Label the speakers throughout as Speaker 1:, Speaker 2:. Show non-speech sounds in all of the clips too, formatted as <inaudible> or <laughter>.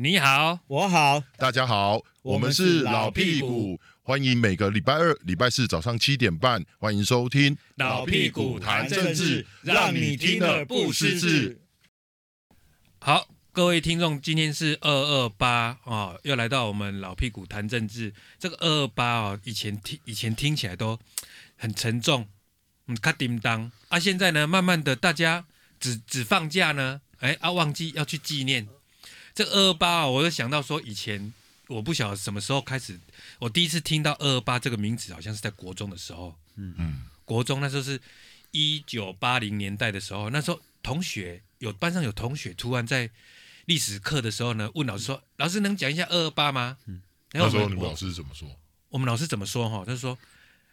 Speaker 1: 你好，我好，大家好，我們，我們是老屁股，歡迎每個禮拜二、禮拜四早上七點半，歡迎收聽老屁股談政、政治，讓你聽得不失智。
Speaker 2: 好，各位聽眾，今天是二二八哦，又來到我們老屁股談政治。這個二二八哦，以前聽以前聽起來都很沉重，嗯，咔叮當啊，現在呢，慢慢的大家只只放假呢，哎啊，忘記要去紀念。這二二八，我就想到說，以前我不曉得什麼時候開始，我第一次聽到二二八這個名字，好像是在國中的時候。嗯嗯，國中那時候是，一九八零年代的時候，那時候同學有班上有同學突然在歷史課的時候呢，問老師說：“嗯、老師能講一下二二八嗎？”嗯，
Speaker 1: 那時候你們老師怎麼說？我，
Speaker 2: 我們老師怎麼說、哦？哈，他說：“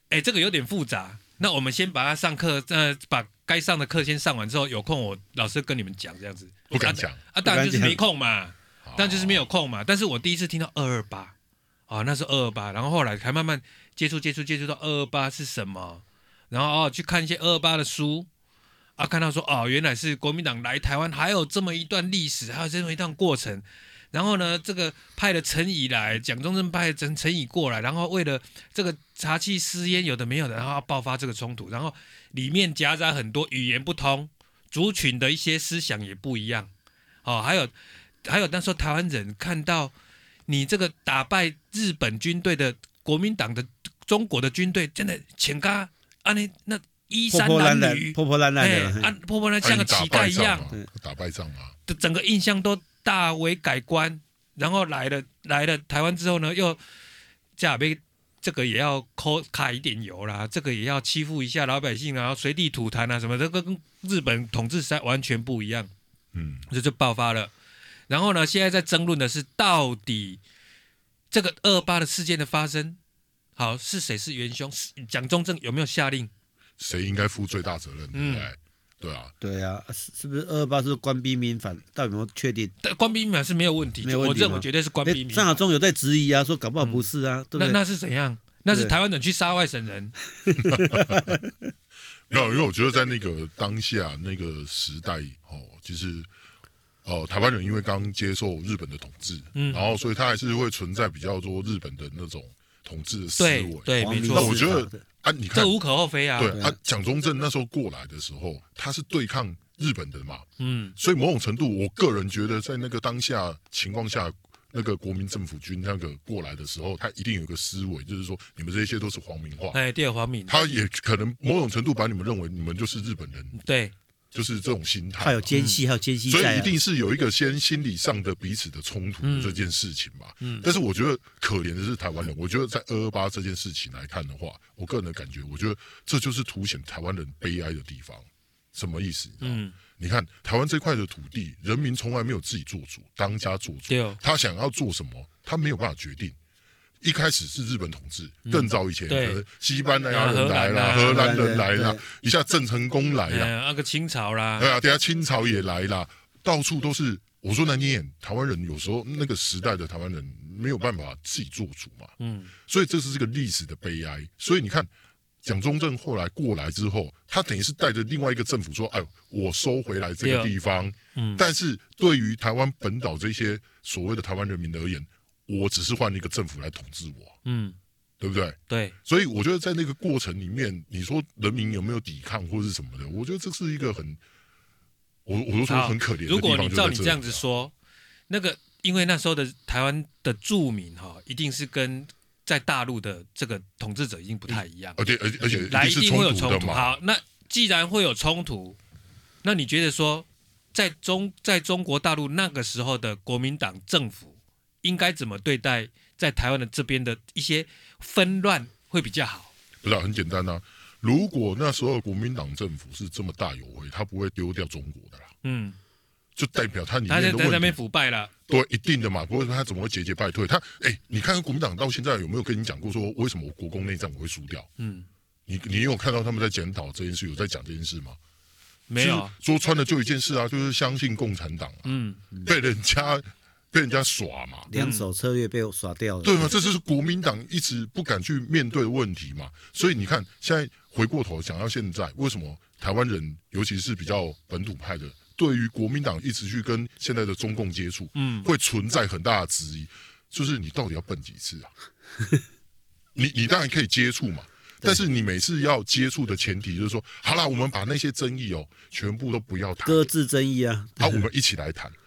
Speaker 2: 哎，這個有點複雜。”那我們先把他上課，呃，把該上的課先上完之後，有空我老師跟你們講這樣子。不敢講我跟啊，啊，當然就是沒空嘛，剛剛剛當然就是沒有空嘛。哦、但是我第一次聽到二二八。啊，那是二二八，然後後來才慢慢接觸接觸接觸到二二八是什麼，然後哦去看一些二二八的書，啊，看到說哦原來是國民黨來台灣還有這麼一段歷史，還有這麼一段過程。然後呢，這個派了陳儀來，蔣中正派陳陳儀過來。然後為了這個查緝私菸，有的沒有的，然後要爆發這個衝突。然後裡面夾雜很多語言不通、族群的一些思想也不一樣。哦，還有還有，那時候台灣人看到你這個打敗日本軍隊的國民黨的中國的軍隊，真的前噶啊！那那衣衫襤褸、破破爛爛、哎、爛爛的、哎、啊，破破爛像個乞丐一樣，打敗仗啊！的整個印象都大為改觀，然後來了來了台灣之後呢，又這邊這個也要摳卡一點油啦，這個也要欺負一下老百姓，啊，然後隨地吐痰啊，什麼都跟日本統治時完全不一樣，嗯，這就爆發了。然後呢，現在在爭論的是，到底這個二二八的事件的發生，好，是誰是元兇？蔣中正有沒有下令？
Speaker 1: 誰應該負最大責任？來對。
Speaker 2: 對嗯
Speaker 3: 對啊，對啊，是是不是二二八是官逼民反？到底有沒有確定？
Speaker 2: 但官逼民反是沒有問
Speaker 3: 題，我、嗯、我認為絕對是官逼民反。嗯欸、張亞中有在質疑啊，說搞不好不是啊，那那是怎樣？對 那是
Speaker 1: 台灣人去殺外省人？ <laughs> <laughs> 沒有，因為我覺得在那個當下那個時代哦，其實哦，台灣人因為剛接受日本的統治，嗯，然後所以他還是會存在比較多日本的那種。統治的思維，對，對，沒錯。那我覺得啊，你看這無可厚非啊。對啊，蔣中正那時候過來的時候，他是對抗日本的嘛，嗯，所以某種程度，我個人覺得在那個當下情況下，那個國民政府軍那個過來的時候，他一定有個思維，就是說你們這些都是皇民化，哎，第二，皇民，他也可能某種程度把你們認為你們就是日本人，對。就是這種心態，還有奸細，還有奸細，所以一定是有一個先心理上的彼此的衝突的這件事情吧。但是我覺得可憐的是台灣人，我覺得在二二八這件事情來看的話，我個人的感覺，我覺得這就是凸顯台灣人悲哀的地方。什麼意思？你知道，嗯，你看台灣這塊的土地，人民從來沒有自己做主、當家做主，他想要做什麼，他沒有辦法決定。一開始是日本統治，更早以前，嗯、可能西班牙人來啦，啊、荷蘭人來啦，一下鄭成功來啦，那、
Speaker 2: 哎啊、個清朝啦，對啊、哎，等下
Speaker 1: 清朝也來啦，到處都是。我說難聽點，台灣人有時候那個時代的台灣人沒有辦法自己做主嘛，嗯，所以這是這個歷史的悲哀。所以你看，蔣中正後來過來之後，他等於是帶着另外一個政府說：“哎呦，我收回來這個地方。”嗯，但是對於台灣本島這些所謂的台灣人民而言，我只是換了一個政府來統治我，嗯，對不對？對，所以我覺得在那個過程裡面，你說人民有沒有抵抗或是什麼的，我覺得這是一個很，我我都說很可憐的、啊。如果你照你這樣
Speaker 2: 子說，那個因為那時候的台灣的住民哈、哦，一定是跟在大陸的這個統治者已經不太一樣。而且而且而且，來一定會有衝突。好，那既然會有衝突，那你覺得說在中在中國大陸那個時候的國民黨政府，應該怎麼對待在台灣的這邊的一些紛亂
Speaker 1: 會比較好？不是、啊、很簡單啊。如果那時候國民黨政府是這麼大有為，他不會丟掉中國的
Speaker 2: 啦。
Speaker 1: 嗯，就代表他,他在,在那邊腐敗了。對，一定的嘛。不會說他怎麼會節節敗退？他哎、欸，你看,看國民黨到現在有沒有跟你講過說為什麼我國共內戰我會輸掉？嗯，你你有看到他們在檢討這件事，有在講這件事嗎？
Speaker 2: 沒有。
Speaker 1: 說穿了就一件事啊，就是相信共產黨、啊。嗯，被人家。被人家耍嘛，兩手策略被我耍掉了、嗯，對嗎？這就是國民黨一直不敢去面對的問題嘛。所以你看，現在回過頭想到現在，為什麼台灣人，尤其是比較本土派的，對於國民黨一直去跟現在的中共接觸，嗯，會存在很大的質疑，就是你到底要笨幾次啊？ <laughs> 你你當然可以接觸嘛，對但是你每次要接觸的前提就是說，好啦，我們把那些爭議哦，全部都不要談，擱置爭議啊，好，我們一起來談。 <laughs>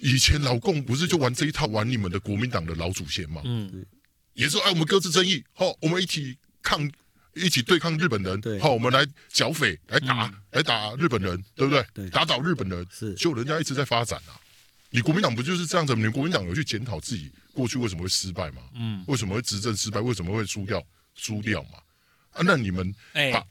Speaker 1: 以前老共不是就玩這一套，玩你們的國民黨的老祖先嗎？嗯，是也是哎，我們各自爭議，好，我們一起抗，一起對抗日本人，好，我們來剿匪，來打，嗯、來打日本人，對不對？對對對打倒日本人，是。就人家一直在發展啊。你國民黨不就是這樣子嗎？你國民黨有去檢討自己過去為什麼會失敗嗎？嗯，為什麼會執政失敗？為什麼會輸掉？輸掉嘛？啊，那你們
Speaker 2: 哎，欸、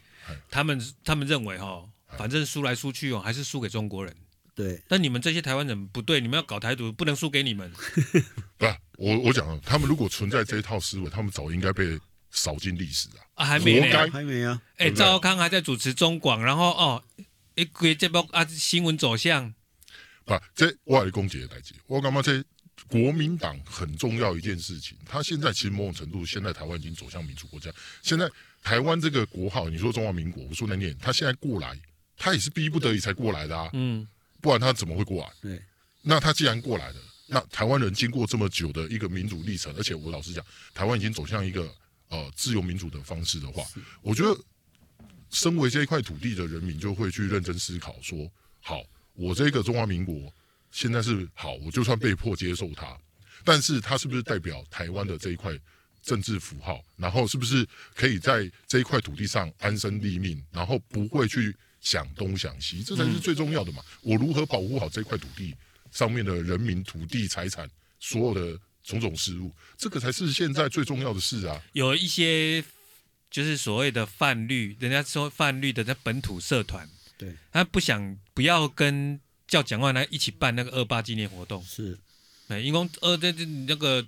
Speaker 2: 他們他們認為哈，嘿反正輸來輸去哦，還是輸給中國人。對，但你們這些台灣人不對，你們要搞台獨，不能輸給你們。
Speaker 1: <laughs> 不，我我講，他們如果存在這一套思維，他們早就應該被掃進歷史了。啊、還沒呢、啊，該還沒啊。哎、欸，趙
Speaker 2: 康還在主持中廣，然後哦，一
Speaker 1: 個節目啊，新聞走向。不，這外來攻擊的打擊。我感覺這國民黨很重要一件事情，他現在其實某種程度，現在台灣已經走向民主國家。現在台灣這個國號，你說中華民國，我說難念。他現在過來，他也是逼不得已才過來的啊。嗯。不然他怎麼會過來？對，那他既然過來了。那台灣人經過這麼久的一個民主歷程，而且我老實講，台灣已經走向一個呃自由民主的方式的話，我覺得，身為這一塊土地的人民就會去認真思考說：說好，我這個中華民國現在是好，我就算被迫接受它，但是它是不是代表台灣的這一塊政治符號？然後是不是可以在這一塊土地上安身立命？然後不會去？想東想西，這才是最重要的嘛！嗯、我如何保護好這塊土地上面的人民、土地、財產，所有的種種事物，這個才是現在最重要的事啊！
Speaker 2: 有一些就是所謂的泛綠，人家說泛綠的在本土社團，對他不想不要跟叫蔣萬安來一起辦那個二八紀念活動，是，哎，因為呃，這這那個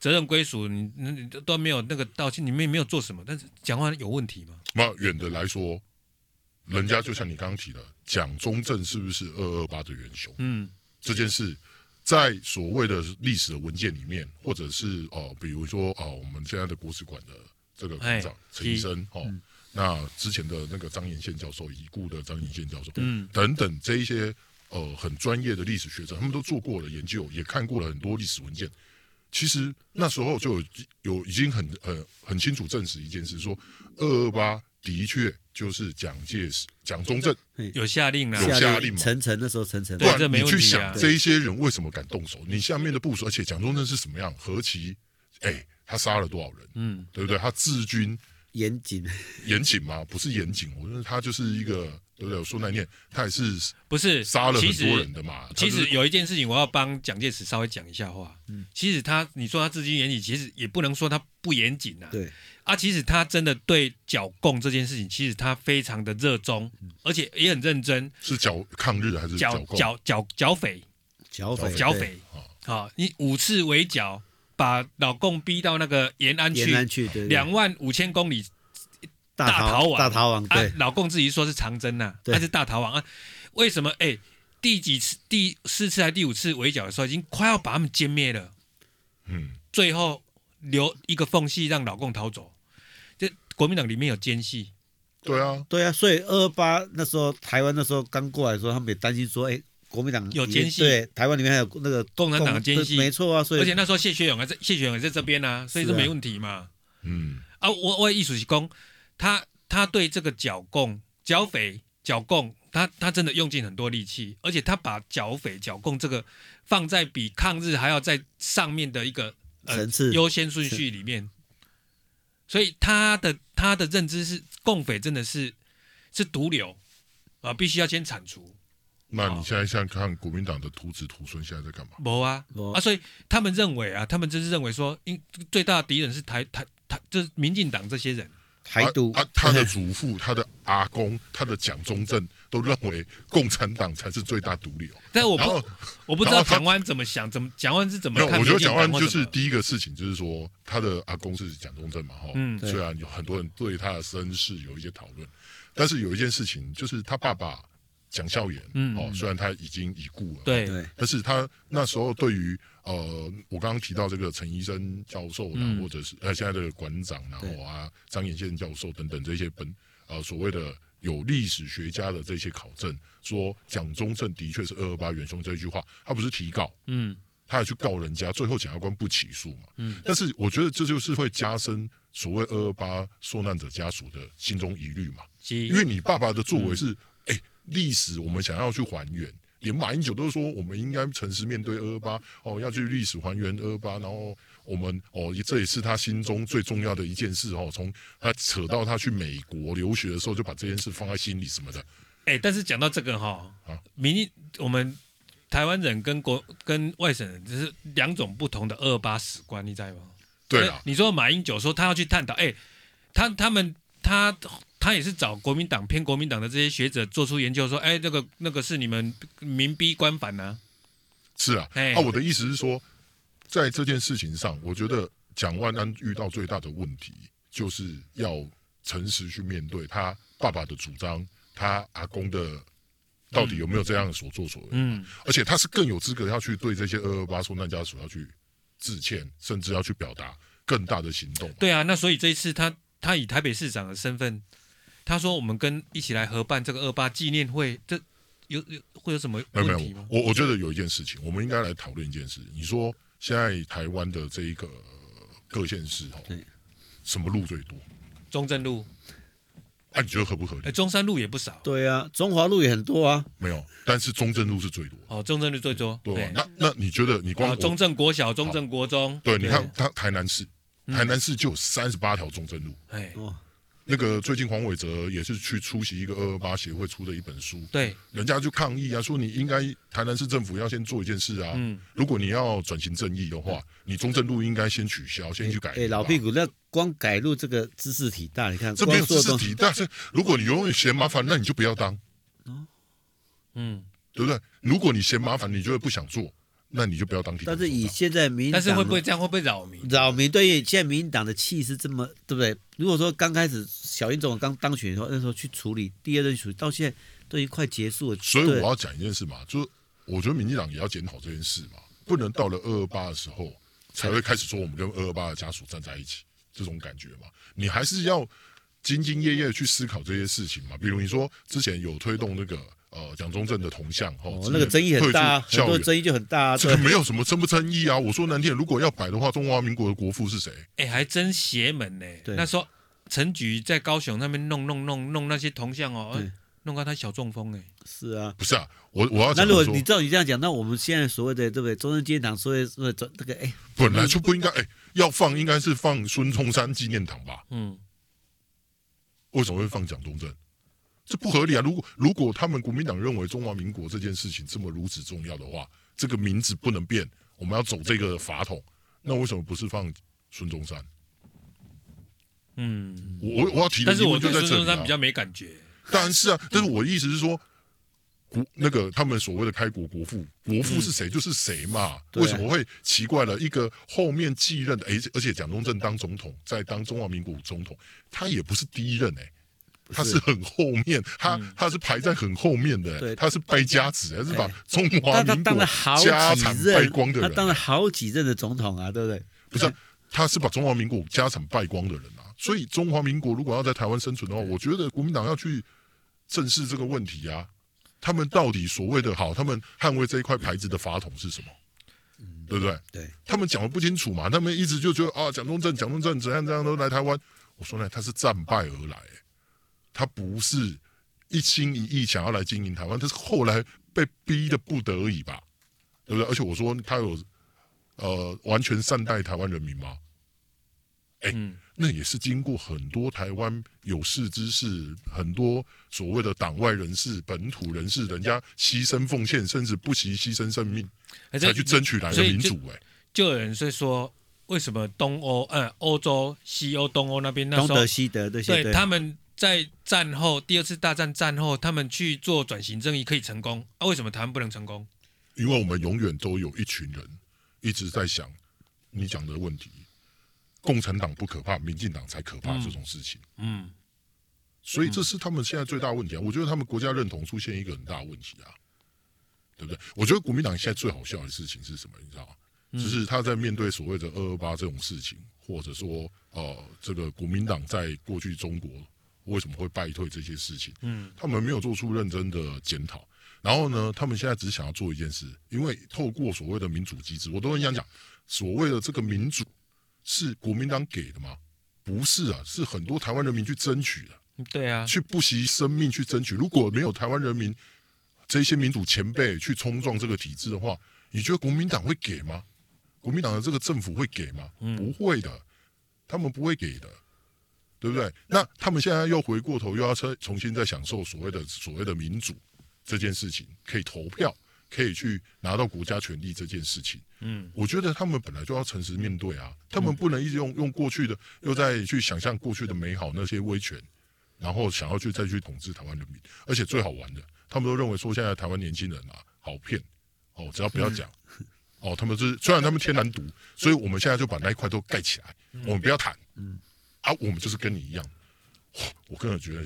Speaker 2: 責任歸屬，你你都沒有那個道歉，你們也沒有做什
Speaker 1: 麼，但是講話有問題嗎？那遠的來說。人家就像你剛剛提的，蔣中正是不是二二八的元凶？嗯，這件事在所謂的歷史文件裡面，或者是哦、呃，比如說哦、呃，我們現在的國史館的這個館長、哎、陳儀深、嗯、哦，那之前的那個張炎憲教授，已故的張炎憲教授，嗯，等等，這一些呃很專業的歷史學者，他們都做過了研究，也看過了很多歷史文件。其實那時候就有有已經很很、呃、很清楚證實一件事，說二二八。的確，就是蔣介石、蔣中正有下令啊下令，有下令成，陳誠那時候，陳誠對，你去想，這一些人為什麼敢動手？你下面的部署，而且蔣中正是什麼樣？何其、欸、他殺了多少人？嗯，對不對？對他治軍嚴謹，嚴謹嗎？不是嚴謹，我覺得他就是一個。對不對？我說他也是不是殺了很多人的嘛？其實，其實
Speaker 2: 有一件事情，我要幫蔣介石稍微講一下話。嗯，其實他，你說他治軍嚴謹，其實也不能說他不嚴謹吶、啊。對。啊，其實他真的對剿共這件事情，其實他非常的熱衷，而且也很認真。
Speaker 1: 是剿抗日還是剿剿
Speaker 2: 剿剿匪？
Speaker 1: 剿匪，剿匪。
Speaker 2: 好，以、哦、五次圍剿，把老共逼到那個延安去，延安去，兩萬五千公里。大逃亡，大逃亡，對、啊、老共自己說是長征吶、啊，那是大逃亡啊。為什麼？哎、欸，第幾次、第四次還是第五次圍剿的時候，已經快要把他們殲滅了。嗯，最後留一個縫隙讓老共逃走。這國民黨裡面有奸細，
Speaker 3: 對啊，對啊，所以二二八那時候台灣那時候剛過來的時候，他們也擔心說，哎、欸，國民黨有奸細，對，台灣裡面還有那個共，共產黨的奸細，沒錯啊。所以而且
Speaker 2: 那時候謝學詠還在，謝學詠也在這邊啊，所以這沒問題嘛。啊、嗯，啊，我我的意思是說。他他對這個剿共、剿匪、剿共，他他真的用盡很多力氣，而且他把剿匪、剿共這個放在比抗日還要在上面的一個層次優先順序裡面。所以他的他的認知是，共匪真的是是毒瘤啊，必須要先鏟
Speaker 1: 除。那你現在像看國民黨的徒子徒孫現在在幹嘛？
Speaker 2: 沒啊，沒啊，啊，所以他們認為啊，他們就是認為說，最大的敵人是台台台，就是民進黨這些
Speaker 1: 人。台獨啊，啊，他的祖父、他的阿公、他的蔣中正都認為共產黨才是最大獨立哦。但我不後我不知道
Speaker 2: 蔣萬安怎麼想，怎麼蔣萬安是怎麼沒有？我覺得蔣萬安就是
Speaker 1: 第一個事情，就是說他，他的阿公是蔣中正嘛，哈。嗯。雖然有很多人對他的身世有一些討論，但是有一件事情就是他爸爸。蔣孝嚴，嗯，哦，嗯、雖然他已經已故了，對對，對，但是他那時候對於呃，我剛剛提到這個陳儀深教授，嗯、或者是呃現在的館長，然後啊張炎憲教授等等這些本呃所謂的有歷史學家的這些考證，說蔣中正的確是二二八元兇這一句話，他不是提告，嗯，他也去告人家，最後檢察官不起訴嘛，嗯，但是我覺得這就是會加深所謂二二八受難者家屬的心中疑慮嘛，其因為你爸爸的作為是，哎、嗯。欸歷史我們想要去還原，連馬英九都說我們應該誠實面對二二八。哦，要去歷史還原二二八，然後我們哦這也是他心中最重要的一件事哦。從他扯到他去美國留學的時候，就把這件事放在心裡什麼的。
Speaker 2: 哎、欸，但是講到這個哈、哦，啊，民意我們臺灣人跟國跟外省人只是兩種不同的二二八史觀，你知道嗎？對啊啦，你說馬英九說他要去探討，哎、欸，他他們他。他也是找國民黨偏國民黨的這些學者做出研究，說：“哎、欸，這、那個那個是你們民逼官反呢、啊？”
Speaker 1: 是啊，哎嘿，那、啊、我的意思是說，在這件事情上，我覺得蔣萬安遇到最大的問題，就是要誠實去面對他爸爸的主張，他阿公的
Speaker 2: 到底有沒有這樣
Speaker 1: 的所作所為、啊？嗯，而且他是更有資格要去對這些二二八受難家屬要去致歉，甚至要去表達更大的行動。
Speaker 2: 對啊，那所以這一次他他以台北市長的身份。他說：“我們跟一起來合辦這個二八紀念會，這有有會有什麼問題嗎？沒有，我我覺
Speaker 1: 得有一件事情，我們應該來討論一件事。你說現在台灣的這一個各縣市，什麼路最多？
Speaker 2: 中正路？那你覺得合不合理？哎，中山路也不少。對啊，中華路也很多啊。
Speaker 1: 沒有，但是中正路是最多。
Speaker 2: 哦，中正路最多。對，那那你覺得你光中正國小、中正國中，對你看他
Speaker 1: 台南市，台南市就有三十八條中正路。哎。”那個最近黃偉哲也是去出席一個二二八協會出的一本書，對，人家就抗議啊，說你應該台南市政府要先做一件事啊，嗯，如果你要轉型正義的話，嗯、你中正路應該先取消，先去改，對、欸欸，老屁股，那光改路這個茲事體大，你看，做的這沒有茲事體大，是如果你永遠嫌麻煩，那你就不要當，嗯，嗯，對不對？如果你嫌麻煩，你就會不想做。那你就不要當選。但是以現
Speaker 3: 在民，但是會不會這樣？
Speaker 2: 會不會擾民？
Speaker 3: 擾民。對於現在民進黨的氣勢這麼，對不對？如果說剛開始小英總統剛當選的時候，那時候去處理，第二任處理，到現在都已經快結束了。
Speaker 1: 所以我要講一件事嘛，就是我覺得民進黨也要檢討這件事嘛，不能到了二二八的時候才會開始說我們跟二二八的家屬站在一起這種感覺嘛，你還是要。兢兢業業的去思考這些事情嘛，比如你說之前有推動那個呃蔣中正的銅像哦，那個爭議很大，啊，很多爭議就很大，啊。這個沒有什麼爭不爭議啊！我說難聽點，如果要擺的話，中華民國的國父是誰？
Speaker 2: 哎，還真邪門呢，欸。對，那時候陳菊在高雄那邊弄弄弄弄，弄那些銅像哦，對弄到他小中風哎，欸。是
Speaker 3: 啊，不是啊，我我要講。那如果說你照你這樣講，那我們現在所謂的這個中正紀念堂，所謂的這這，
Speaker 1: 那個哎，本來就不應該哎，要放應該是放孫中山紀念堂吧？嗯。為什麼會放蔣中正？這不合理啊！如果如果他們國民黨認為中華民國這件事情這麼如此重要的話，這個名字不能變，我們要走這個法統，那為什麼不是放孫中山？嗯，我我我要提，啊，但是我覺得孫中山比較沒感覺。當然是啊，但是我的意思是說。嗯那個他們所謂的開國國父，國父是誰？就是誰嘛？嗯啊、為什麼會奇怪了？一個後面繼任的，哎，而且蔣中正當總統，在當中華民國總統，他也不是第一任呢，是他是很後面，他、嗯、他是排在很後面的，他是敗家子，哎、他是把中華民國家產敗光的人，當了，當了好幾任的總統啊，對不對？不是、啊，他是把中華民國家產敗光的人啊，所以中華民國如果要在台灣生存的話，對我覺得國民黨要去正視這個問題啊。他們到底所謂的好，他們捍衛這一塊牌子的法統是什麼？嗯、對不對？對他們講的不清楚嘛？他們一直就覺得啊，蔣中正、蔣中正怎樣怎樣都來台灣。我說呢，他是戰敗而來，欸，他不是一心一意想要來經營台灣，他是後來被逼得不得已吧？對不對？而且我說他有呃完全善待台灣人民嗎？哎、欸。那也是經過很多台灣有識之士，很多所謂的黨外人士，本土人士，人家犧牲奉獻，甚至不惜犧牲生命，才去爭取來的民主。哎、
Speaker 2: 欸，就有人是說，為什麼東歐，嗯，歐洲、西歐、東歐那邊，那時候，東德、西德這些對對，對他們在戰後第二次大戰戰後，他們去做轉型正義可以成功，啊，為什麼台灣不能成功？
Speaker 1: 因為我們永遠都有一群人一直在想你講的問題。共產黨不可怕，民進黨才可怕這種事情。嗯，嗯，所以這是他們現在最大問題啊。我覺得他們國家認同出現一個很大問題啊，對不對？我覺得國民黨現在最好笑的事情是什麼？你知道嗎？嗯，就是他在面對所謂的二二八這種事情，或者說，呃，這個國民黨在過去中國為什麼會敗退這些事情？嗯，他們沒有做出認真的檢討。然後呢，他們現在只想要做一件事，因為透過所謂的民主機制，我都很想講所謂的這個民主。是國民黨給的嗎？不是啊，是很多台灣人民去爭取的。
Speaker 2: 對啊，去
Speaker 1: 不惜生命去爭取。如果沒有台灣人民這些民主前輩去衝撞這個體制的話，你覺得國民黨會給嗎？國民黨的這個政府會給嗎？嗯，不會的，他們不會給的，對不對？那他們現在又回過頭又要重新再享受所謂的，所謂的民主這件事情，可以投票。可以去拿到國家權力這件事情，嗯，我覺得他們本來就要誠實面對啊，他們不能一直用用過去的，又再去想象過去的美好那些威權，然後想要去再去統治台灣人民，而且最好玩的，他們都認為說現在台灣年輕人啊好騙，哦，只要不要講，哦，他們是雖然他們天然獨，所以我們現在就把那一塊都蓋起來，我們不要談，嗯，啊，我們就是跟你一樣，我個人覺得。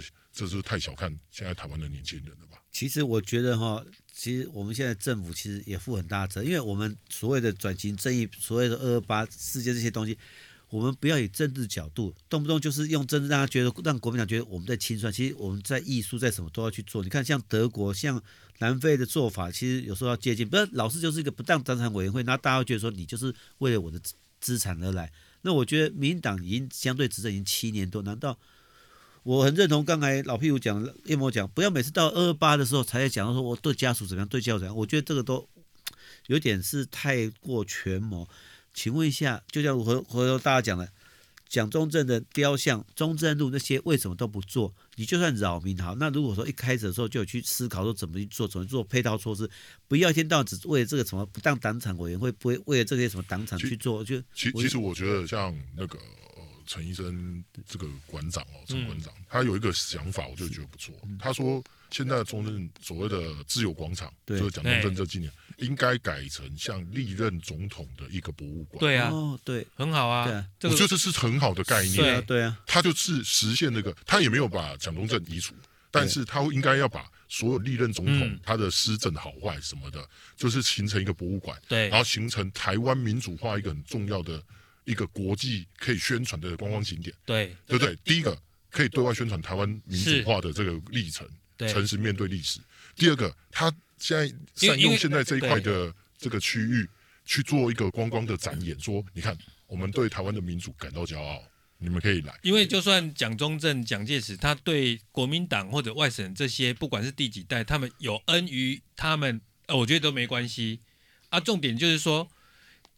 Speaker 1: 這是太小看現在台灣的年輕人了吧？其實我覺
Speaker 3: 得哈，其實我們現在政府其實也負很大的責，因為我們所謂的轉型正義，所謂的二二八事件這些東西，我們不要以政治角度，動不動就是用政治讓他覺得讓國民黨覺得我們在清算，其實我們在藝術在什麼都要去做。你看像德國、像南非的做法，其實有時候要接近，不要老是就是一個不當黨產委員會，那大家會覺得說你就是為了我的資產而來。那我覺得民進黨已經相對執政已經七年多，難道？我很認同剛才老屁股講的一模講，不要每次到二二八的時候才在講，說我對家屬怎麼樣，對教怎麼樣。我覺得這個都有點是太過權謀。請問一下，就像我回頭大家講的，蔣中正的雕像、中正路那些為什麼都不做？你就算擾民好，那如果說一開始的時候就有去思考說怎麼去做，怎麼做配套措施，不要一天到晚只為了這個什麼不當黨產委員會，不會為了這些什麼黨產去做就。其其實我覺得
Speaker 1: 像那個。陳醫生這個館長哦，陳館長，他有一個想法，我就覺得不錯。他說，現在中正所謂的自由廣場，就是蔣中正這幾年應該改成像歷任總統的一個博物館。對啊，對，很好啊。我覺得這是很好的概念。對啊，對啊。他就是實現那個，他也沒有把蔣中正移除，但是他應該要把所有歷任總統他的施政好壞什麼的，就是形成一個博物館，對，然後形成台灣民主化一個很重要的。一個國際可以宣傳的觀光景點，對，對對不對？第一個可以對外宣傳台灣民主化的這個歷程，誠實面對歷史。對第二個，他現在善用現在這一塊的這個區域去做一個觀光的展演說，說你看，我們對台灣的民主感到驕傲，你們可以來。
Speaker 2: 因為就算蔣中正、蔣介石，他對國民黨或者外省這些，不管是第幾代，他們有恩於他們，呃，我覺得都沒關係啊。重點就是說。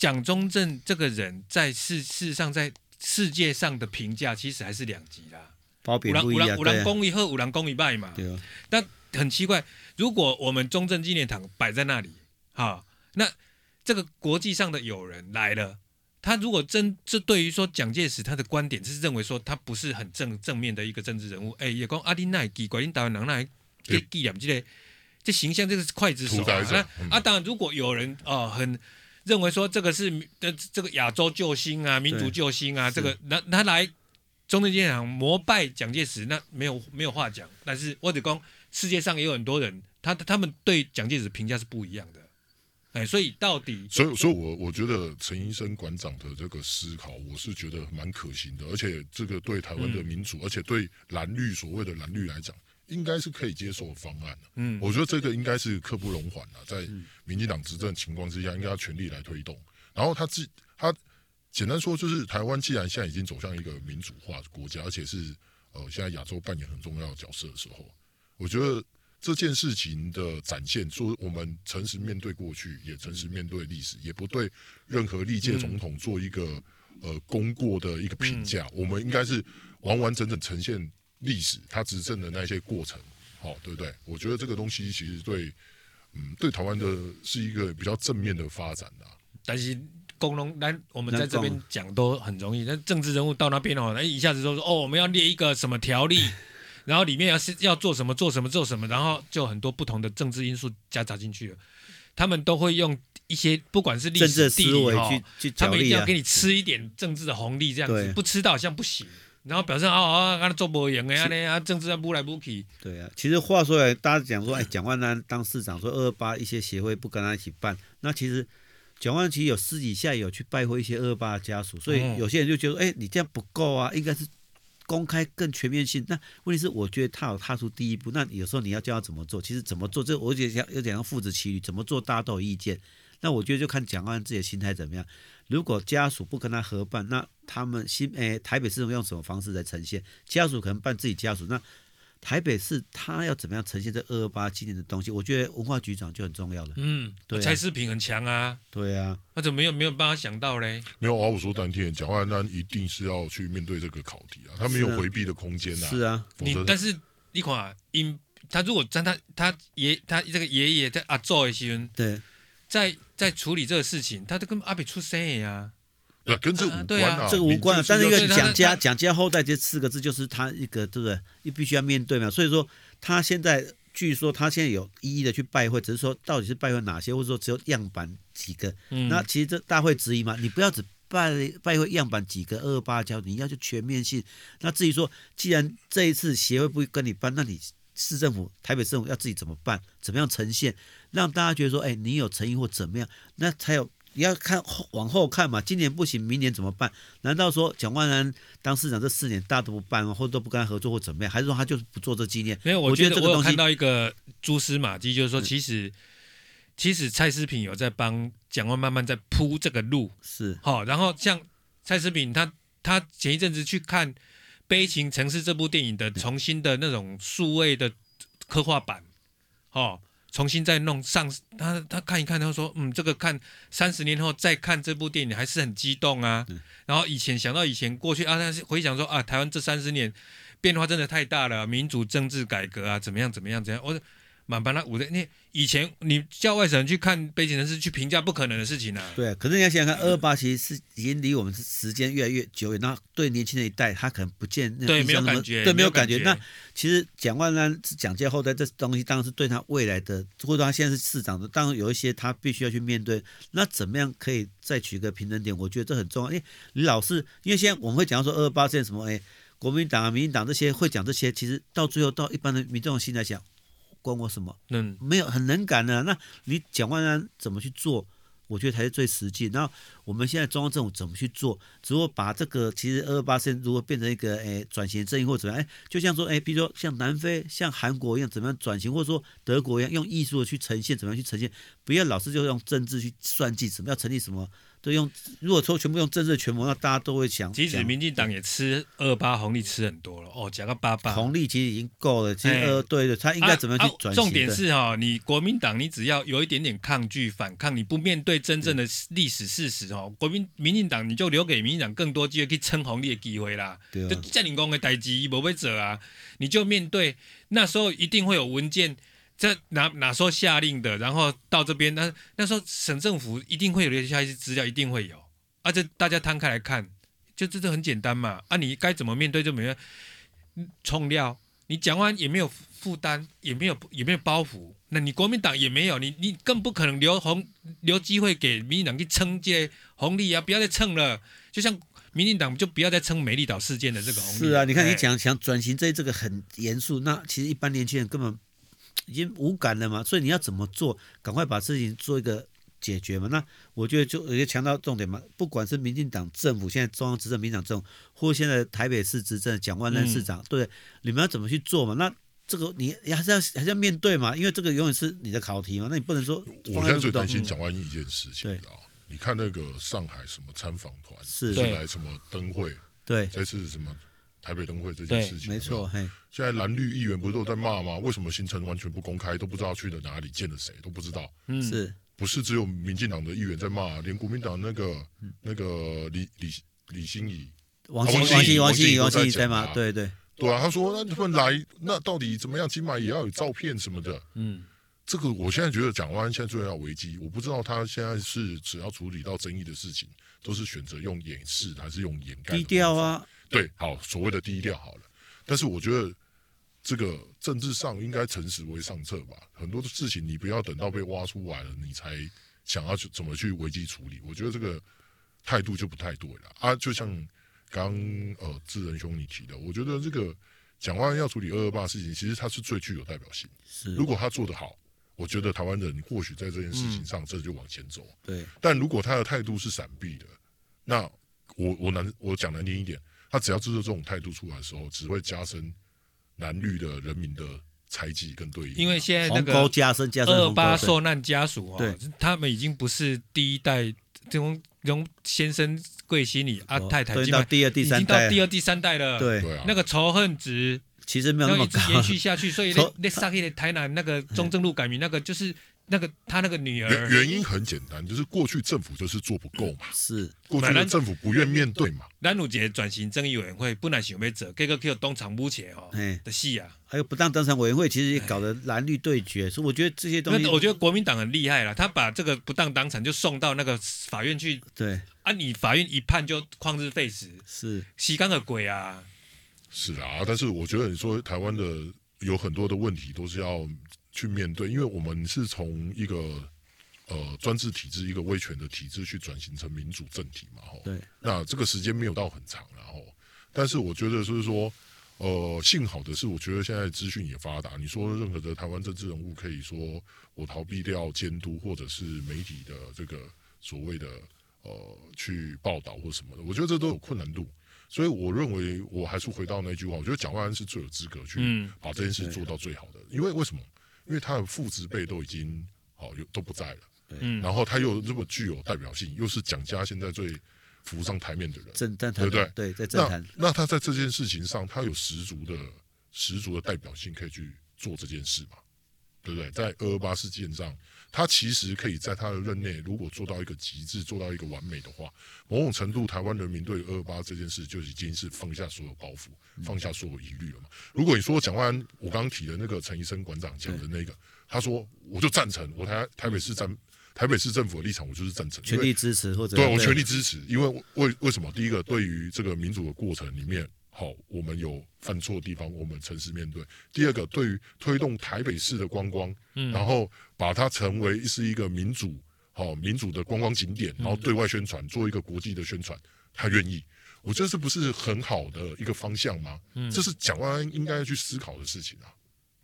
Speaker 2: 蔣中正這個人，在世世上在世界上的評價，其實還是兩極啦。
Speaker 3: 有人有人有人講伊好，
Speaker 2: 有人講伊䆀嘛。那很奇怪，如果我們中正紀念堂擺在那裡，哈，那這個國際上的友人來了，他如果真這對於說蔣介石他的觀點，就是認為說他不是很正正面的一個政治人物。哎，也光阿丁奈給管領導人來變記啊，不記這形象，這個是劊子手、啊、那啊，當然，如果有人啊，很。認為說這個是的這個亞洲救星啊，民族救星啊，對這個那是他來中正紀念堂膜拜蔣介石，那沒有沒有話講。但是或者講世界上也有很多人，他他們對蔣介石評價是不一樣的。哎，所以到底，
Speaker 1: 所以所以我我覺得陳醫生館長的這個思考，我是覺得蠻可行的，而且這個對台灣的民主，嗯、而且對藍綠所謂的藍綠來講。應該是可以接受的方案的，嗯，我覺得這個應該是刻不容緩啊，在民進黨執政情況之下，應該要全力來推動。然後他自他簡單說，就是台灣既然現在已經走向一個民主化的國家，而且是呃現在亞洲扮演很重要的角色的時候，我覺得這件事情的展現，說我們誠實面對過去，也誠實面對歷史，也不對任何歷屆總統做一個呃功過的一個評價，我們應該是完完整整呈現。歷史他執政的那些過程，哦，對不對？我覺得這個東西其實對，嗯，對台灣的是一個比較正面的發展的、啊。但是工農，
Speaker 2: 我們在這邊講都很容易，但政治人物到那邊哦，那一下子都說，說哦，我們要列一個什麼條例， <laughs> 然後裡面要是要做什麼做什麼做什麼，然後就很多不同的政治因素夾雜進去了。他們都會用一些不管是歷史政治思維去、哦、去，去啊、他們一定要給你吃一點政治的紅利，這樣子對不吃到好像不行。然後表示好、哦、啊，那他做不用的啊咧是啊，政治上不來不去。對啊，
Speaker 3: 其實話說來，大家講說，哎、欸，蔣萬安當市長說二二八一些協會不跟他一起辦，那其實蔣萬安有私底下有去拜會一些二二八家屬，所以有些人就覺得，哎、欸，你這樣不夠啊，應該是公開更全面性。那問題是，我覺得他有踏出第一步，那有時候你要教他怎麼做，其實怎麼做，這我覺得有講到父子騎驢，怎麼做大家都有意見。那我覺得就看蔣萬安自己的心態怎麼樣。如果家屬不跟他合辦，那他們心哎、欸、台北市用什麼方式來呈現？家屬可能辦自己家屬，那台北市他要怎麼樣呈現這二二八紀念的東西？我覺得
Speaker 1: 文化局長就很重要了。嗯，對、啊，蔡詩
Speaker 2: 萍很強啊。對啊，他怎麼有沒有辦法想到嘞？
Speaker 1: 沒有啊，我說當天蔣萬安一定是要去面對這個考題啊，他沒有回避的空間啊。是啊，是你，但是
Speaker 2: 一款因他如果在他他爺他這個爺爺在啊，做一些對。在在處理這個事情，他都跟阿比出聲呀、啊，那
Speaker 1: 跟這無關啊，啊啊這個無關、啊。但是因為“蔣家
Speaker 3: 蔣家後代”這四個字，就是他一個，對不對？你必須要面對嘛。所以說，他現在據說他現在有一一的去拜會，只是說到底是拜會哪些，或者說只有樣板幾個。嗯、那其實這大會質疑嘛，你不要只拜拜會樣板幾個二,二八交你要去全面性。那至於說，既然這一次協會不會跟你辦，那你市政府、台北政府要自己怎麼辦？怎麼樣呈現？讓大家覺得說，哎、欸，你有誠意或怎麼樣，那才有你要看往後看嘛。今年不行，明年怎麼辦？難道說蔣萬安當市長這四年大家都不辦，或者都不跟他合作或怎麼樣？還是說他就是不做這紀念？沒有，我覺得我看到
Speaker 2: 一個蛛絲馬跡，就是說其實、嗯、其實蔡詩萍有在幫蔣萬安慢慢在鋪這個路，是好、哦。然後像蔡詩萍，他他前一陣子去看《悲情城市》這部電影的重新的那種數位的刻畫版，嗯、哦。重新再弄上，他他看一看，他說：“嗯，這個看三十年後再看這部電影還是很激動啊。是”然後以前想到以前過去啊，那是回想說啊，台灣這三十年變化真的太大了，民主政治改革啊，怎麼樣怎麼樣怎麼樣，我。滿班了五的，那以前你叫外省人去看背景人士去評價不可能的事情呢、啊？
Speaker 3: 對、啊，可是你要想想看，二八其實是已經離我們時間越來越久遠，那對年輕的一代，他可能不見那對，沒有感覺，對，沒有感覺。感覺，那其實蔣萬安是蔣家後代，這東西當然是對他未來的，或者他現在是市長的，當然有一些他必須要去面對。那怎麼樣可以再取一個平衡點？我覺得這很重要，因為你老是因為現在我們會講說二八現在什麼，哎、欸，國民黨啊、民進黨這些會講這些，其實到最後到一般的民眾心來講。關我什麼？嗯，沒有很能幹的。那你講完怎麼去做？我覺得才是最實際。然後我們現在中央政府怎麼去做？只不過把這個其實二二八事件如果變成一個誒轉型正義或者怎麼樣？哎、欸，就像說哎、欸，比如說像南非、像韓國一樣，怎麼樣轉型？或者說德國一樣，用藝術的去呈現，怎麼樣去呈現？不要老是就用政治去算計，怎麼樣成立什麼？都用，如果說全部用政治的權謀，那大家都會想，即使民
Speaker 2: 進黨也吃二八紅利吃很多了。哦，講個八八紅利其實已經夠了，其實二對的，欸、他應該怎麼樣去轉、啊啊、重點是哈、哦，對你國民黨你只要有一點點抗拒反抗，你不面對真正的歷史事實哦，國民民進黨你就留給民進黨更多機會去撐紅利的機會啦。就啊，像你講的打擊無謂者啊，你就面對那時候一定會有文件。這哪哪說下令的？然後到這邊，那那時候省政府一定會有留下一些資料，一定會有。而、啊、且大家攤開來看，就這這很簡單嘛。啊，你該怎麼面對就沒有衝掉。你講完也沒有負擔，也沒有也沒有包袱。那你國民黨也沒有，你你更不可能留紅留機會給民進黨去蹭這紅利啊！不要再蹭了。就像民進黨就不要再蹭美麗島事件的這個紅利。是啊，你看你
Speaker 3: 講對想轉型這這個很嚴肅，那其實一般年輕人根本已經無感了嘛，所以你要怎麼做？趕快把事情做一個解決嘛。那我覺得就有些強調重點嘛，不管是民進黨政府現在中央執政，民進黨政府或現在台北市執政蔣萬安市長，嗯、對，你們要怎麼去做嘛？那這個你還是要還是要面對嘛，因為這個永遠是你的考題嘛。那你不能說
Speaker 1: 我。我現在最擔心蔣萬安一件事情啊。你看那個上海什麼參訪團是的來什麼燈會，對，還是什麼，台北燈會這件事情，沒錯。現在藍綠議員不是都在罵嗎？為什麼行程完全不公開，都不知道去了哪裡，見了誰，都不知道。嗯，是，不是只有民進黨的議員在罵啊，連國民黨那個那個李李李欣怡、王心王心王欣儀、王欣儀在罵。對對對啊，他說那他們來，那到底怎麼樣？起碼也要有照片什麼的。嗯，這個我現在覺得，蔣萬安現在最重要危機，我不知道他現在是只要處理到爭議的事情，都是選擇用掩飾還是用掩蓋？低調啊。對，好所謂的低調好了，但是我覺得這個政治上應該誠實為上策吧。很多的事情你不要等到被挖出來了，你才想要去怎麼去危機處理。我覺得這個態度就不太對了。啊，就像剛，剛呃智仁兄你提的，我覺得這個蔣萬安要處理二二八事情，其實他是最具有代表性。嗎如果他做得好，我覺得台灣人或許在這件事情上這就往前走。嗯、對，但如果他的態度是閃避的，那我我難我講難聽一點。他只要製作這種態度出來的時候，只會加深藍綠的人民的猜忌跟對、啊、因為現在那個加二,二八受難家屬、喔，二二家喔、對，
Speaker 2: 他們已經不是第一代，從從先生、貴心理阿太太，對第第已經到第二、第三代了。對，那個仇恨值、
Speaker 1: 啊、其實沒有那麼高，一直延續下去，所以那
Speaker 2: 那上個月台南那個中正路改名，嗯、那個就是。那個他那個女兒，原因
Speaker 1: 很簡單，就是過去政府就是做不夠嘛，是過去的政府不願面對嘛。
Speaker 2: 藍組杰轉型正義委員會不難是為者 K 這個有東廠不前哦的戲啊，
Speaker 3: 喔、嘿還有不當黨產委員會其實也搞得藍綠對決，嘿所以我覺得這些東西，那我
Speaker 2: 覺得國民黨很厲害了，他把這個不當黨產就送到那個法院去，對按、啊、你法院一判就曠日費時，是是干的鬼啊，
Speaker 1: 是啊，但是我覺得你說台灣的有很多的問題都是要。去面對，因為我們是從一個呃專制體制、一個威權的體制去轉型成民主政體嘛，吼，對。那這個時間沒有到很長，然後，但是我覺得就是說，呃，幸好的是，我覺得現在資訊也發達，你說任何的台灣政治人物，可以說我逃避掉監督，或者是媒體的這個所謂的呃去報道或什麼的，我覺得這都有困難度。所以我認為，我還是回到那句話，我覺得蔣萬安是最有資格去把這件事做到最好的，嗯，對的。因為為什麼？因為他的父子輩都已經好又都不在了。對然後他又這麼具有代表性，又是蔣家現在最浮上台面的人，政，政壇，對不對？對，在政壇，那，那他在這件事情上，他有十足的十足的代表性，可以去做這件事嘛？對不對？在228事件上。嗯他其實可以在他的任內，如果做到一個極致，做到一個完美的話，某種程度，台灣人民對二二八這件事就已經是放下所有包袱，放下所有疑慮了嘛。如果你說蔣萬安我剛剛提的那個陳醫生館長講的那個，對他說我就贊成，我台台北市政台北市政府的立場，我就是贊成，全力支持或者對，我全力支持，因為為為什麼？第一個，對於這個民主的過程裡面。好，我們有犯錯的地方，我們誠實面對。第二個，對於推動台北市的觀光，嗯，然後把它成為是一個民主，好、哦、民主的觀光景點，嗯，然後對外宣傳，做一個國際的宣傳，他願意，我覺得這是不是很好的一個方向嗎？嗯，這是蔣萬安應該要去思考的事情啊。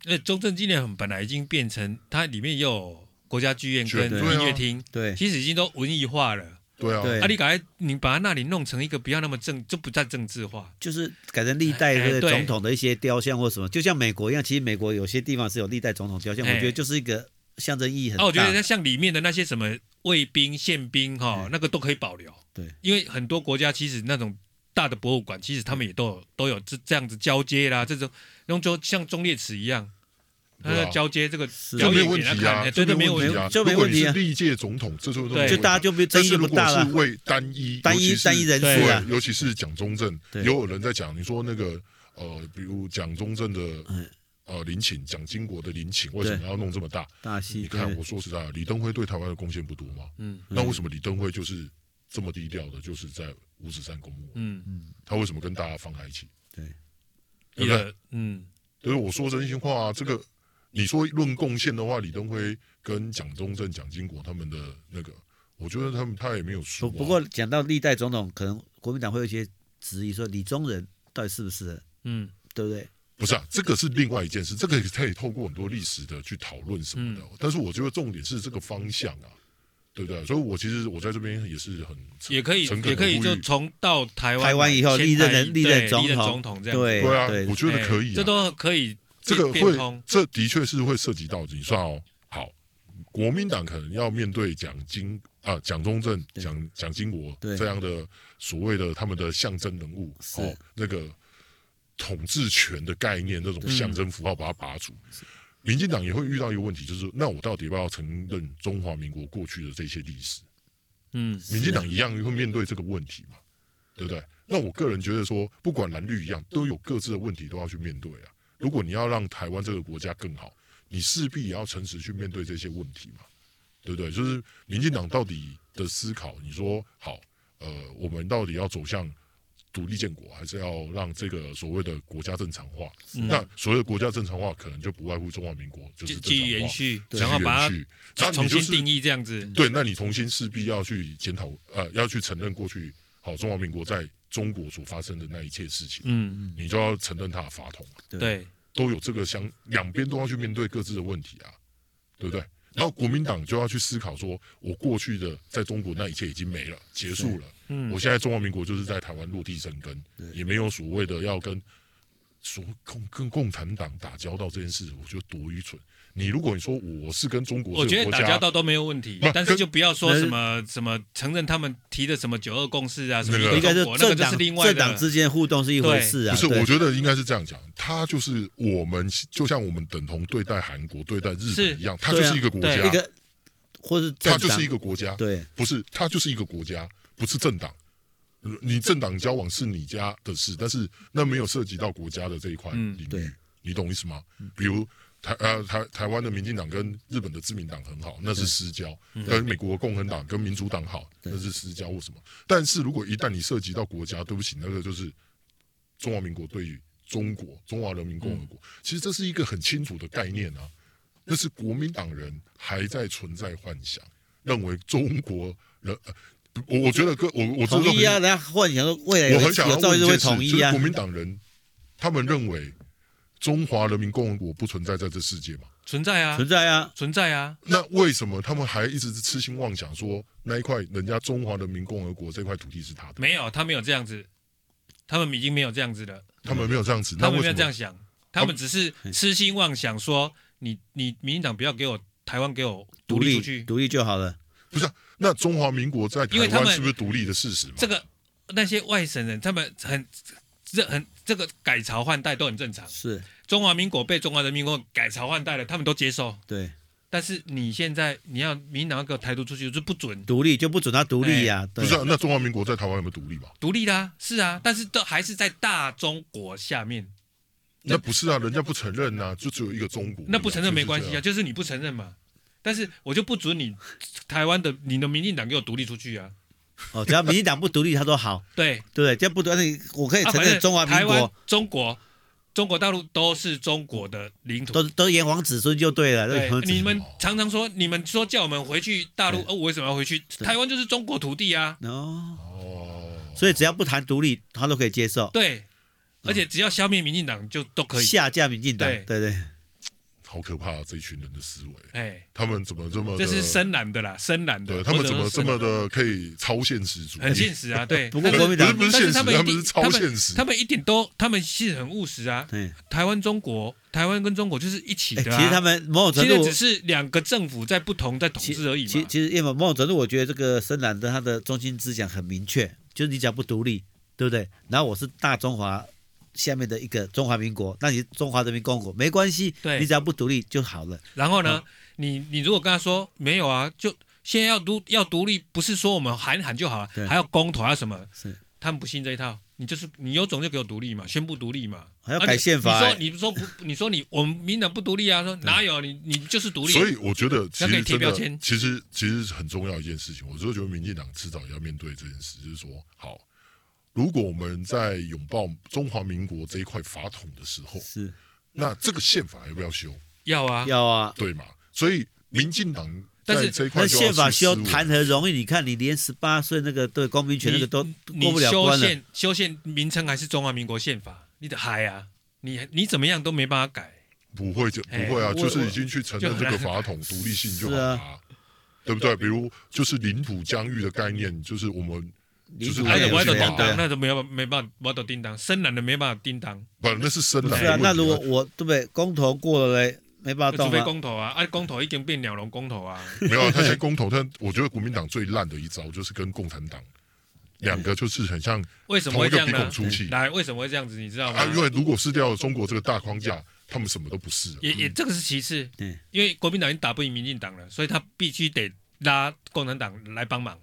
Speaker 2: 那中正紀念堂本來已經變成，它裡面也有國家劇院跟音樂廳，對，啊，對，其實已經都文藝化了。對、哦、啊，啊，你改，你把它那裡弄成一個不要那麼政，就不再政治化，就是
Speaker 3: 改成歷代的總統的一些雕像或什麼，欸、就像美國一樣，其實美國有些地方是有歷代總統雕像，欸、我覺得就是一個象徵意義很大。哦、啊，我覺得
Speaker 2: 像裡面的那些什麼衛兵、憲兵哈，欸、那個都可以保留。對，因為很多國家其實那種大的博物館，其實他們也都有對都有這這樣子交接啦，這種用後就像忠烈祠一樣。交接這個詞沒有問題啊，絕對沒有問題，就沒有問題。歷
Speaker 1: 屆總統，這就大家就爭議不大了。但是，如果是為單一、單一、單一人數，尤其是蔣中正，有人在講你說那個呃，比如蔣中正的呃陵寢，蔣經國的陵寢，為什麼要弄這麼大？大戲？你看，我說實在的，李登輝對台灣的貢獻不多嗎？嗯，那為什麼李登輝就是這麼低調的，就是在五指山公墓？嗯嗯，他為什麼跟大家放在一起？對，對
Speaker 2: 不
Speaker 1: 對？嗯，就是我說真心話，這個。你說論貢獻的話，李登輝跟蔣中正、蔣經國他們的那個，我覺得他們他也沒有說過。不過講到歷
Speaker 3: 代總統，可能國民黨會有一些質疑，說李宗仁到底是不是？嗯，對不對？
Speaker 1: 不是啊，這個是另外一件事，這個可以透過很多歷史的去討論什
Speaker 3: 麼
Speaker 2: 的。
Speaker 1: 但是我覺得重點是這個方向啊，對不對？所以我其實我在這邊也是很也可以也可以就從到台灣台灣以後歷任歷任總統總統這樣，對對啊，我覺得可以，這都
Speaker 2: 可以。這個會，
Speaker 1: 這的確是會涉及到你算哦。好，國民黨可能要面對蔣經啊、呃、蔣中正蔣對蔣經國這樣的所謂的他們的象徵人物對哦，是那個統治權的概念，那種象徵符號把它拔除。對民進黨也會遇到一個問題，就是那我到底要不要承認中華民國過去的這些歷史？嗯
Speaker 3: 對，民進黨一
Speaker 1: 樣會面對這個問題嘛，對不對？對，那我個人覺得說，不管藍綠一樣，都有各自的問題，都要去面對啊。如果你要讓台灣這個國家更好，你勢必也要誠實去面對這些問題嘛，對不對？就是民進黨到底的思考，你說好，呃，我們到底要走向獨立建國，還是要讓這個所謂的國家正常化？嗯、那所謂的國家正常化，可能就不外乎中華民國就是繼續延續，然後把它重新定義，就是，重新定義這樣子。對，那你重新勢必要去檢討，呃，要去承認過去好中華民國在。中國所發生的那一切事情，嗯，你就要承認他的法統啊，對，都有這個相，兩邊都要去面對各自的問題啊，對不對？然後國民黨就要去思考說，我過去的在中國那一切已經沒了，結束了，嗯，我現在中華民國就是在台灣落地生根，對也沒有所謂的要跟，所謂跟共產黨打交道這件事，我覺得多愚蠢。你如果你說我是跟中國，我覺得打交道都沒有問題，但是就不要說什麼
Speaker 2: 什麼承認他們提的什麼九二共識啊什麼，另外。政黨之間互動是一回事啊，不是？我覺
Speaker 1: 得應該是這樣講，他就是我們就像我們等同對待韓國、對待日本一樣，他就是一個國家，或者他就是一個國家，對，不是他就是一個國家，不是政黨。你政黨交往是你家的事，但是那沒有涉及到國家的這一塊領域，你懂意思嗎？比如。呃台呃台台灣的民進黨跟日本的自民黨很好，那是私交；對跟美國共和黨跟民主黨好，對那是私交或什麼。但是如果一旦你涉及到國家，對不起，那個就是中華民國對於中國、中華人民共和國。嗯、其實這是一個很清楚的概念啊，那是國民黨人還在存在幻想，認為中國人。呃、我我覺得，跟，我我我問、啊、一下，大家幻想未來，我我很想問一件事，就、啊、就是國民黨人他們認為。中華人民共和國不存在在這世界嗎？
Speaker 2: 存在啊，存
Speaker 1: 在啊，存在啊。那為什麼他們還一直痴心妄想，說那一塊人家中華人民共和國這塊土地是他
Speaker 2: 的？沒有，他沒有這樣子，他們已經沒有這樣子了。嗯、他們沒有這樣子，那他們沒有這樣想，啊、他們只是痴心妄想，說你你民進黨不要給我台灣給我
Speaker 1: 獨立出去，獨立，獨立就好了。不是、啊，那中華民國在台灣是不是獨立的事實嗎？
Speaker 2: 這個那些外省人，他們很。這很，這個改朝換代都很正常。是，中華民國被中華人民共改朝換代了，他們都接受。對，但是你現在你要民進黨給我台獨出去，就不准
Speaker 1: 獨立，就不准他獨立呀、啊。不是、啊，那中華民國在台灣有沒有獨立嗎？
Speaker 2: 獨立的、啊，是啊，但是都還是在大中國下面。那
Speaker 1: 不是啊，在不人家不承認吶、啊，就只有一個中國。那不承認沒關係啊，
Speaker 2: 就是你不承認嘛，但是我就不准你 <laughs> 台灣的你的民進黨給我獨立出去啊。
Speaker 1: <laughs> 哦，只要民進黨不獨
Speaker 3: 立，他都好。對對，只要不獨立，我可以承認中華民國、啊、台
Speaker 2: 灣、中國、中國大陸都是中國的領土，
Speaker 3: 都都炎黃子孫就對了。對你
Speaker 2: 們常常說，你們說叫我們回去大陸，呃對、啊，我為什麼要回去？對台灣就是中國土地啊。哦、
Speaker 3: no、所以只要不談獨立，他都可以接受。
Speaker 2: 對，而且只要消滅民進黨就都可以、嗯、下架民進黨。
Speaker 1: 對對,對對。好可怕！這群人的思維，哎、欸，他們怎麼這麼？這是深藍的啦，深藍的。對的他們怎麼這麼的可以超現實主義？很現實啊，對。不過國民黨不是現實，他們是超現實。
Speaker 2: 他們一點都，他們是很務實啊。對、欸，台灣、中國，台灣跟中國就是一起的、啊欸。其實他們某種程度只是兩個政府在
Speaker 3: 不同在統治而已其。其其實因為某種程度，我覺得這個深藍的他的中心思想很明確，就是你只要不獨立，對不對？然後我是大中華。下面的一個中華民國，那你中華人民共和國沒關係，對你只要不獨立就好了。
Speaker 2: 然後呢，嗯、你你如果跟他說沒有啊，就現在要獨要獨立，不是說我們喊喊就好了，對還要公投啊什麼？是他們不信這一套。你就是你有種就給我獨立嘛，宣布獨立嘛，還、啊啊、要改憲法、欸你。你說你不說不，你說你我們民黨不獨立啊？說哪有、啊、對你你就是獨立？所以我覺得其實那可以貼標籤
Speaker 1: 其實其實很重要一件事情，我就覺得民進黨遲早要面對這件事，就是說好。如果我們在擁抱中華民國這一塊法統的時候，是那，那這個憲法要不要修？要啊，要啊，對嘛？所以民進黨在這一塊但，但是那憲法修談
Speaker 3: 何容易？你看，你連十八歲那個對公民權那個都過不了
Speaker 2: 關了。你你修憲，修憲名稱還是中華民國憲法？你的嗨啊，你你怎麼樣都沒辦法改。
Speaker 1: 不會就不會啊，哎，就是已經去承認這個法統獨立性就好了，是啊，對不對？比如就是領土疆域的概念，就是我們。就是矮的、歪的叮噹，
Speaker 2: 那就沒有沒辦法，歪的叮噹，深藍的沒辦法叮噹，不，那是深藍。是啊，那如
Speaker 1: 果我對不對？公投過了嘞，沒辦法動，除非
Speaker 2: 公投啊！哎，公投已經變鳥籠公投啊！
Speaker 1: 沒有，他現公投，他我覺得國民黨最爛的一招就是跟共產黨兩個就是很像，為什麼會這樣子？鼻孔出氣。來，為什麼會這樣子？你知道嗎？因為如果失掉了中國這個大框架，他們什麼都不是。也也這個是其次，
Speaker 2: 因為國民黨已經打不贏民進黨了，所以他必須得拉共產黨來幫忙。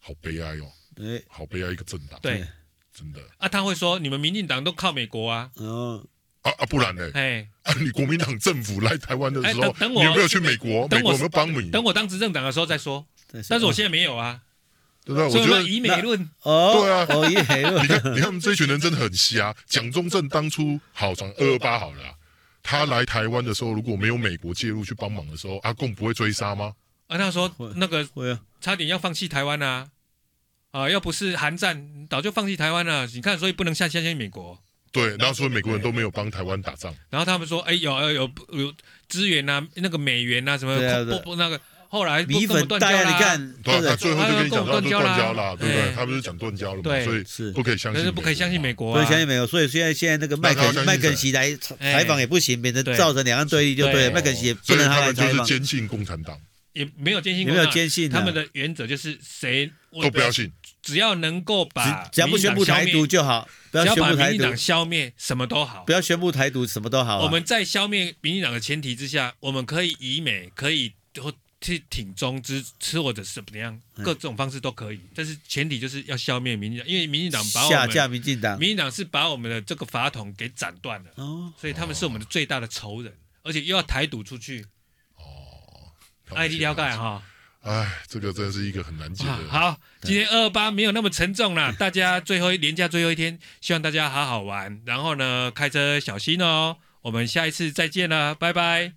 Speaker 1: 好悲哀喲。對好悲哀，啊，一個政黨，對、嗯，真的
Speaker 2: 啊，他會說你們民進黨都靠美國啊，
Speaker 1: 嗯，啊，啊不然呢？哎嘿、啊，你國民黨政府來台灣的時候，你有沒有去美國？我美國有沒有幫你？
Speaker 2: 等我當執政黨的時候再說，但是我現在沒有啊。對不對？所以叫那、啊、以美論，對啊，以美論。你看，你看
Speaker 1: 這群人真的很瞎。蔣中正當初好從二二八好了，啊，他來台灣的時候，如果沒有美國介入去幫忙的時候，阿共不會追殺嗎？
Speaker 2: 啊，他說那個差點要放棄台灣啊。啊，要不是韓戰，早就放棄台灣了。你看，所以不能相相信美國。
Speaker 1: 對，然後所以美國人都沒有幫台灣打仗。
Speaker 2: 然後他們說，哎，有有有資源吶，那個美元吶，什麼不不那個，後來米粉斷交啦。你看，對，最後就跟你講到斷交了對不對？他不是講
Speaker 1: 斷交了嗎。對，所以是不可以相信。但是不可以相信美國。所以相信
Speaker 3: 美國，所以現在現在那個麥肯麥肯錫來
Speaker 1: 採訪也不行，免得造成兩岸對立，就對。麥肯錫，也不能他們就是堅信共產黨。
Speaker 2: 也沒有堅信，沒有堅信，他們的原則就是誰都不要信。只要能夠把只，只要不宣布台獨就好，只要把民進黨消滅，什麼都好。
Speaker 3: 不要宣布台獨，什麼都好。都好啊，我
Speaker 2: 們在消滅民進黨的前提之下，我們可以以美，可以或去挺中之，吃或者是怎麼樣，各種方式都可以。嗯、但是前提就是要消滅民進黨，因為民進黨把我們下架民，民進黨，民進黨是把我們的這個法統給斬斷了，哦、所以他們是我們的最大的仇人，哦、而且又要台獨出去。哦，愛弟了解哈。
Speaker 1: 哎，這個真是一個很難解的。啊、
Speaker 2: 好，今天二二八沒有那麼沉重啦，對大家最後一，連假最後一天，希望大家好好玩，然後呢，開車小心哦。我們下一次再見啦，拜拜。